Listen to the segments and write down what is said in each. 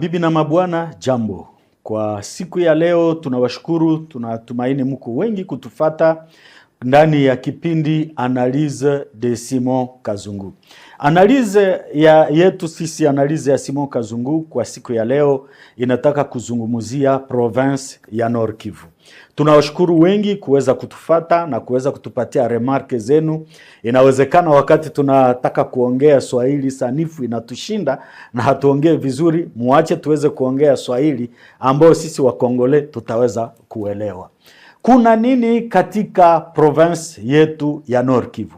Mabibi na mabwana, jambo. Kwa siku ya leo tunawashukuru, tunatumaini mko wengi kutufata ndani ya kipindi Analize de Simon Kazungu. Analize ya yetu sisi, analize ya Simon Kazungu kwa siku ya leo inataka kuzungumzia province ya Nord Kivu. Tunawashukuru wengi kuweza kutufata na kuweza kutupatia remarke zenu. Inawezekana wakati tunataka kuongea Swahili sanifu inatushinda na hatuongee vizuri, muache tuweze kuongea Swahili ambayo sisi Wakongole tutaweza kuelewa. Kuna nini katika province yetu ya Nord Kivu?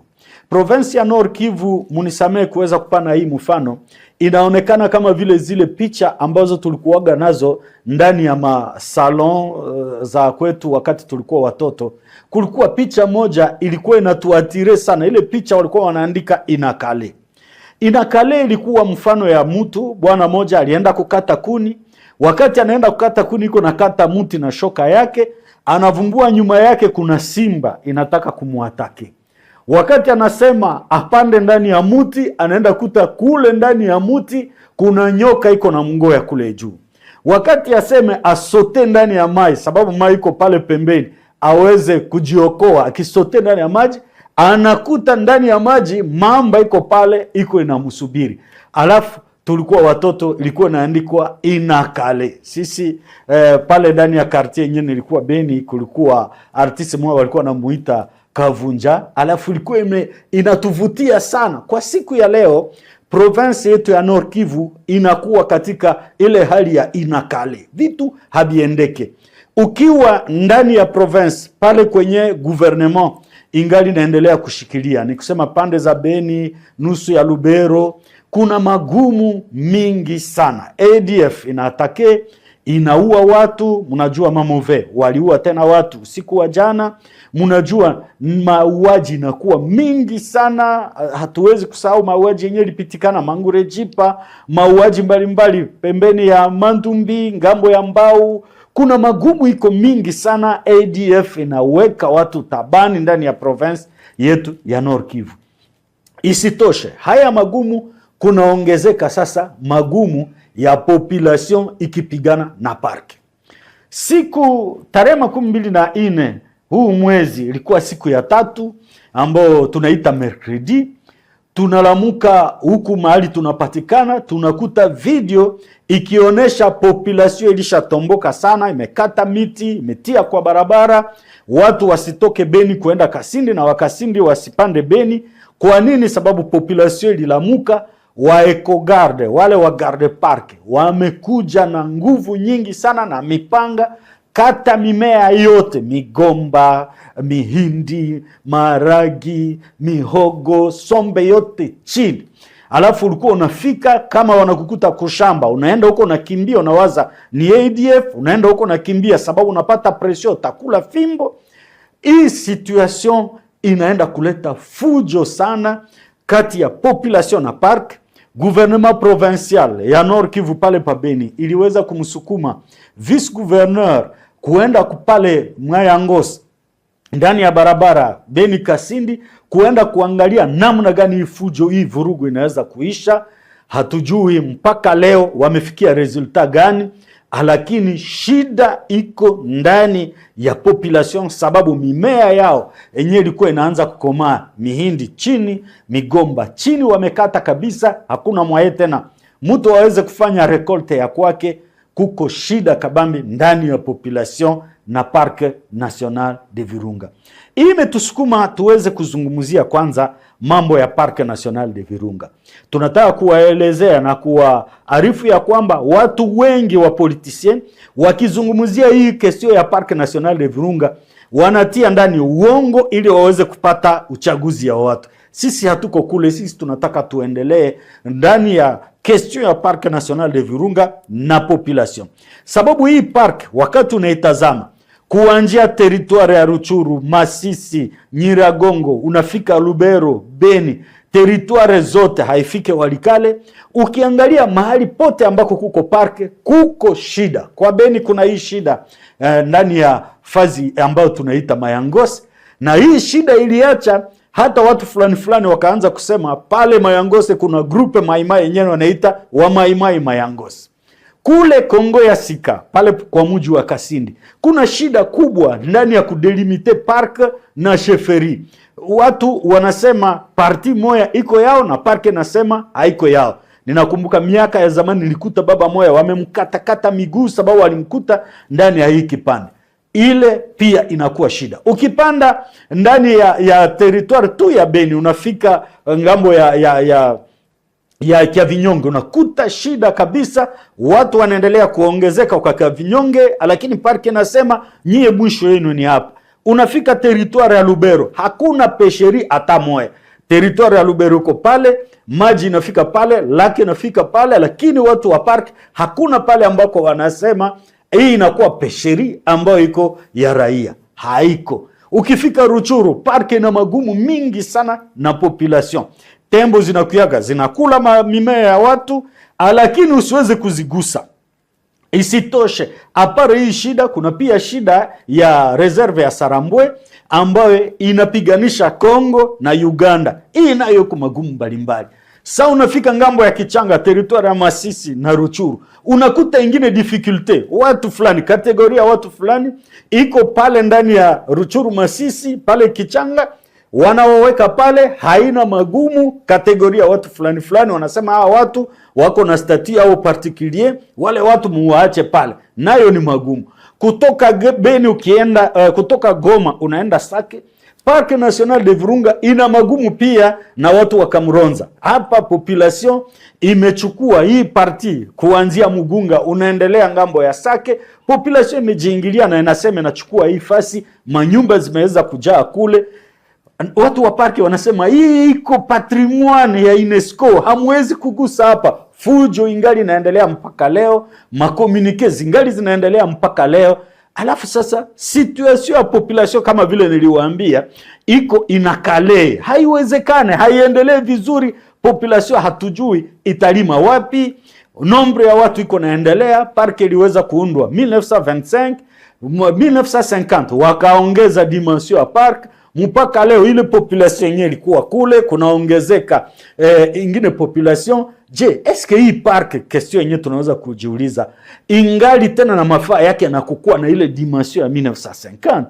Province ya Nord Kivu, munisamee kuweza kupana hii mfano, inaonekana kama vile zile picha ambazo tulikuwaga nazo ndani ya masalon eh, za kwetu wakati tulikuwa watoto. Kulikuwa picha moja ilikuwa inatuatire sana, ile picha walikuwa wanaandika inakale inakale. Ilikuwa mfano ya mtu bwana moja alienda kukata kuni, wakati anaenda kukata kuni iko nakata mti na shoka yake anavumbua nyuma yake kuna simba inataka kumwatake. Wakati anasema apande ndani ya muti, anaenda kuta kule ndani ya muti kuna nyoka iko na mngoya kule juu. Wakati aseme asote ndani ya maji, sababu maji iko pale pembeni, aweze kujiokoa akisote ndani ya maji, anakuta ndani ya maji mamba iko pale, iko inamsubiri alafu tulikuwa watoto, ilikuwa inaandikwa inakale sisi eh, pale ndani ya quartier yenyewe nilikuwa Beni, kulikuwa artiste mmoja walikuwa namuita Kavunja, alafu ilikuwa inatuvutia sana kwa siku ya leo. Province yetu ya Nord Kivu inakuwa katika ile hali ya inakale, vitu habiendeke. Ukiwa ndani ya province pale kwenye gouvernement ingali naendelea kushikilia, ni kusema pande za Beni, nusu ya Lubero kuna magumu mingi sana. ADF inaatake inaua watu, mnajua mamove waliua tena watu usiku wa jana, mnajua mauaji inakuwa mingi sana. Hatuwezi kusahau mauaji yenyewe ilipitikana Mangure Jipa, mauaji mbalimbali pembeni ya Mandumbi, ngambo ya Mbau. Kuna magumu iko mingi sana. ADF inaweka watu tabani ndani ya province yetu ya Nord Kivu. Isitoshe haya magumu kunaongezeka sasa magumu ya population ikipigana na parke. Siku tarehe makumi mbili na ine huu mwezi ilikuwa siku ya tatu ambayo tunaita mercredi. Tunalamuka huku mahali tunapatikana, tunakuta video ikionyesha population ilishatomboka sana, imekata miti, imetia kwa barabara, watu wasitoke Beni kuenda Kasindi na Wakasindi wasipande Beni. Kwa nini? Sababu population ililamuka wa ekogarde wale wa garde park wamekuja na nguvu nyingi sana na mipanga kata mimea yote, migomba, mihindi, maragi, mihogo, sombe yote chini. Alafu ulikuwa unafika kama wanakukuta kushamba, unaenda huko unakimbia, unawaza ni ADF, unaenda huko unakimbia sababu unapata presio, takula fimbo. Hii situation inaenda kuleta fujo sana kati ya population na park Gouvernement provincial ya Nord Kivu pale pabeni iliweza kumsukuma vice gouverneur kuenda kupale mwayangos ndani ya barabara Beni Kasindi kuenda kuangalia namna gani hii fujo hii vurugu inaweza kuisha. Hatujui mpaka leo wamefikia resulta gani lakini shida iko ndani ya population, sababu mimea yao yenyewe ilikuwa inaanza kukomaa, mihindi chini, migomba chini, wamekata kabisa, hakuna mwaye tena mtu aweze kufanya rekolte ya kwake. Kuko shida kabambi ndani ya population na Parke National de Virunga. Hii imetusukuma tuweze kuzungumzia kwanza mambo ya Park National de Virunga. Tunataka kuwaelezea na kuwaarifu ya kwamba watu wengi wa politisien wakizungumzia hii kesio ya park National de Virunga wanatia ndani uongo ili waweze kupata uchaguzi ya watu. Sisi hatuko kule, sisi tunataka tuendelee ndani ya kestion ya park National de Virunga na population, sababu hii park wakati unaitazama kuanzia teritwari ya Ruchuru, Masisi, Nyiragongo, unafika Lubero, Beni, teritwari zote haifike Walikale. Ukiangalia mahali pote ambako kuko parke kuko shida. Kwa Beni kuna hii shida eh, ndani ya fazi ambayo tunaita Mayangosi, na hii shida iliacha hata watu fulani fulani wakaanza kusema pale Mayangose kuna grupe maimai yenyewe wanaita wamaimai Mayangose. Kule Kongo ya Sika pale kwa mji wa Kasindi kuna shida kubwa ndani ya kudelimite park na sheferi. Watu wanasema parti moya iko yao na parke nasema haiko yao. Ninakumbuka miaka ya zamani nilikuta baba moya wamemkatakata miguu sababu walimkuta ndani ya hii kipande. Ile pia inakuwa shida. Ukipanda ndani ya, ya teritwari tu ya Beni unafika ngambo ya, ya, ya ya kiavinyonge unakuta shida kabisa, watu wanaendelea kuongezeka kwa kiavinyonge, lakini parke nasema nyie mwisho yenu ni hapa. Unafika teritwari ya Lubero hakuna pesheri hata moya. Teritwari ya Lubero uko pale, maji inafika pale, lake inafika pale, lakini watu wa park hakuna pale ambako wanasema hii inakuwa pesheri ambayo iko ya raia, haiko. Ukifika Ruchuru parke ina magumu mingi sana na population tembo zinakuyaga zinakula mimea ya watu, ah, lakini usiweze kuzigusa. Isitoshe, apare hii shida, kuna pia shida ya reserve ya Sarambwe ambayo inapiganisha Kongo na Uganda. Hii nayo iko magumu mbalimbali. Sa unafika ngambo ya Kichanga, teritwari ya Masisi na Ruchuru, unakuta ingine difficulte, watu fulani, kategoria watu fulani iko pale ndani ya Ruchuru, Masisi pale Kichanga wanaoweka pale haina magumu. Kategoria watu fulani fulani wanasema hawa watu wako na stati au particulier, wale watu muwaache pale, nayo ni magumu. Kutoka Beni ukienda uh, kutoka Goma unaenda Sake, Park National de Virunga ina magumu pia na watu wa Kamronza. Hapa population imechukua hii parti kuanzia Mugunga unaendelea ngambo ya Sake, population imejiingilia na inasema inachukua hii fasi, manyumba zimeweza kujaa kule Watu wa parki wanasema hii iko patrimoine ya UNESCO, hamwezi kugusa hapa. Fujo ingali inaendelea mpaka leo, makomunike zingali zinaendelea mpaka leo. Alafu sasa situation ya population kama vile niliwaambia iko inakale, haiwezekane, haiendelee vizuri. Population hatujui italima wapi, nombre ya watu iko naendelea. Parke iliweza kuundwa 1925 1950, wakaongeza dimension ya park mpaka leo ile population yenyewe ilikuwa kule kunaongezeka eh, ingine population. Je, eske hii park, question yenyewe tunaweza kujiuliza, ingali tena na mafaa yake na kukua na ile dimension ya 1950?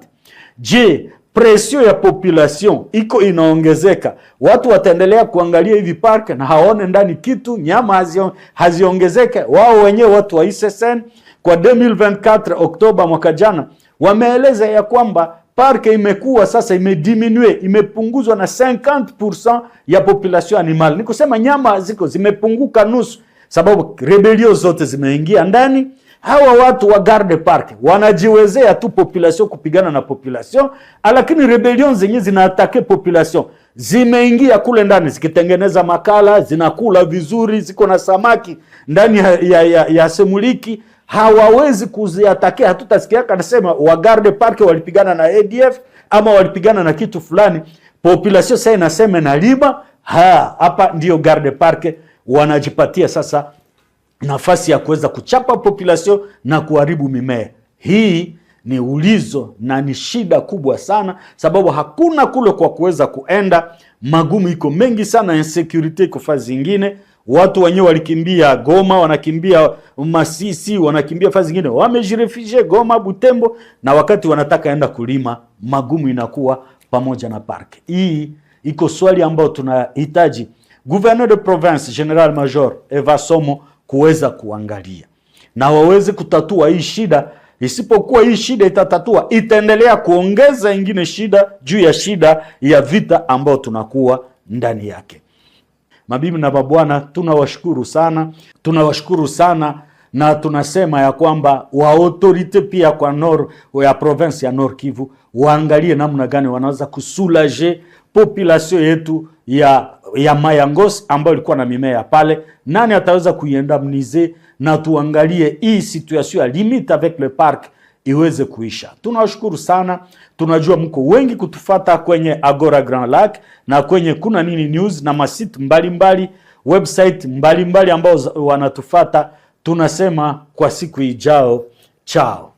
Je, presio ya population iko inaongezeka, watu wataendelea kuangalia hivi park na haone ndani kitu, nyama haziongezeke. Wao wenyewe watu wa ISSN kwa 2024 Oktoba mwaka jana wameeleza ya kwamba parke imekuwa sasa imediminue, imepunguzwa na 50% ya population animal. Ni kusema nyama ziko zimepunguka nusu, sababu rebelio zote zimeingia ndani. Hawa watu wa garde park wanajiwezea tu population kupigana na population, lakini rebelio zenye zinaatake population zimeingia kule ndani zikitengeneza makala, zinakula vizuri, ziko na samaki ndani ya, ya, ya, ya semuliki hawawezi kuziatakia. Hatutasikia kanasema garde park walipigana na ADF ama walipigana na kitu fulani, population sasa inasema inalima ha hapa, ndio garde park wanajipatia sasa nafasi ya kuweza kuchapa population na kuharibu mimea hii ni ulizo na ni shida kubwa sana, sababu hakuna kule kwa kuweza kuenda. Magumu iko mengi sana, insecurity iko fazi zingine watu wenyewe walikimbia Goma, wanakimbia Masisi, wanakimbia fazi zingine, wamejirefishe Goma, Butembo, na wakati wanataka enda kulima magumu inakuwa pamoja na park hii. Iko swali ambayo tunahitaji gouverneur de province general major Eva Somo kuweza kuangalia na waweze kutatua hii shida. Isipokuwa hii shida itatatua, itaendelea kuongeza ingine shida juu ya shida ya vita ambayo tunakuwa ndani yake. Mabibi na mabwana, tunawashukuru sana, tunawashukuru sana na tunasema ya kwamba wa autorite pia kwa nor ya province ya Nord Kivu waangalie namna gani wanaweza kusulaje population yetu ya ya Mayangos ambayo ilikuwa na mimea pale. Nani ataweza kuiendamnize? Na tuangalie hii situation ya limite avec le parc iweze kuisha. Tunawashukuru sana, tunajua mko wengi kutufata kwenye Agora Grand Lac na kwenye Kuna Nini News na masit mbalimbali mbali, website mbalimbali ambao wanatufata. Tunasema kwa siku ijao, chao.